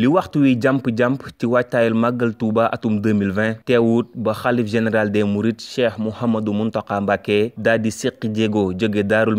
li waxtu wi jàmp-jàmp ci waajtaayal màggal Touba atum 2020 teewut ba xalif général des mourides cheikh Mouhamadou Mountakha Mbacké daal di séqi jéego jóge daarul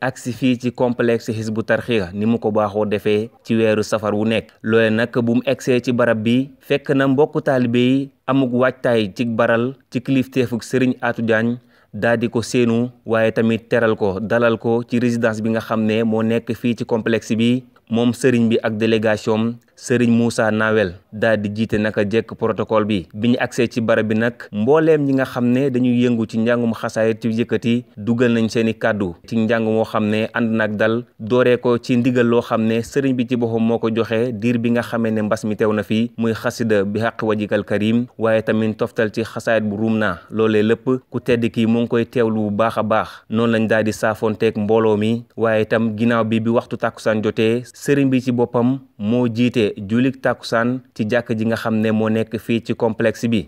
ak si fii ci complexe Hizbut Tarqiyyah ni mu ko baaxoo defee ci weeru safar wu nekk loole nag bu mu egsee ci barab bi fekk na mbokku taalibe yi amuk waajtaay ci baral ci kilifteefuk Serigne Atou Diagne daal di ko seenu waaye tamit teral ko dalal ko ci résidence bi nga xam ne moo nekk fii ci complexe bi moom sëriñ bi ak délégation sëriñ Moussa Nawel daal di jiite naka jekk protocole bi bi ñu agsee ci barab bi nag mbooleem ñi nga xam ne dañuy yëngu ci njàngum xasaayit ci yëkkati dugal nañ seen i kàddu ci njàng moo xam ne ànd nag dal dooree ko ci ndigal loo xam ne sëriñ bi ci boppam moo ko joxe diir bi nga xamee ne mbas mi na fi muy xasida bi xaq wajikal karim waaye tamit toftal ci xasaayit bu ruum naa loolee lépp ku tedd kii mu ngi koy teewlu bu baax a baax noonu lañ daal di saafonteeg mbooloo mi waaye itam ginnaaw bi bi waxtu tàkkusaan jotee sëriñ bi ci boppam moo jiite julik tàkkusaan ci jàkk ji nga xam ne moo nekk fii ci complexe bi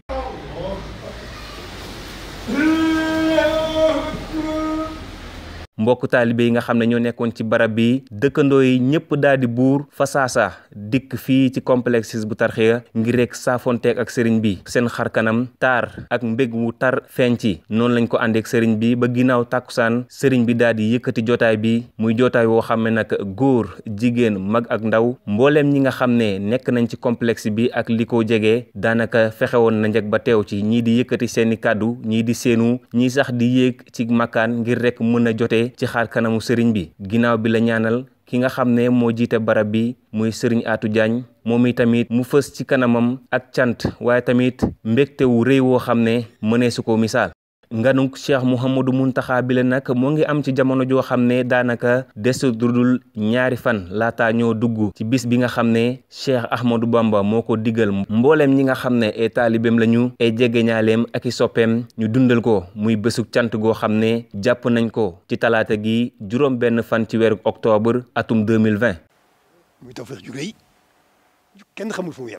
mbokku taalibe yi nga xam ne ñoo nekkoon ci barab bi dëkkandoo yi ñëpp daal di buur fa saasa dikk fii ci complexe bu tarxiya ngir rek saafonteeg ak sëriñ bi seen xar kanam taar ak mbég wu tar feeñ ci noonu lañ ko àndeek sëriñ bi ba ginnaaw tàkkusaan sëriñ bi daal di yëkkati jotaay bi muy jotaay woo xam ne nag góor jigéen mag ak ndaw mbooleem ñi nga xam ne nekk nañ ci complexe bi ak li ko jege daanaka fexewoon na njëkk ba teew ci ñii di yëkkati seeni kàddu ñii di seenu ñii sax di yéeg ci makkaan ngir rek mën a jotee ci xaar kanamu sëriñ bi ginnaaw bi la ñaanal ki nga xam ne moo jiite barab bi muy sëriñ Atou Diagne moom itamit mu fës ci kanamam ak cant waaye tamit mbégte wu rëy woo xam ne mënee ko misaal nganuk cheikh mouhamadou muntaxa bi la nag moo ngi am ci jamono joo xam ne daanaka desu dudul ñaari fan laataa ñoo dugg ci bis bi nga xam ne cheikh ahmadou bamba moo ko diggal mbooleem ñi nga xam ne ay taalibeem lañu ay jegeñaaleem ak i soppeem ñu dundal ko muy bésug cant goo xam ne jàpp nañ ko ci talaata gi juróom benn fan ci weeru octobre atum 2020 muy tawfeex ju rëy kenn xamul fu mu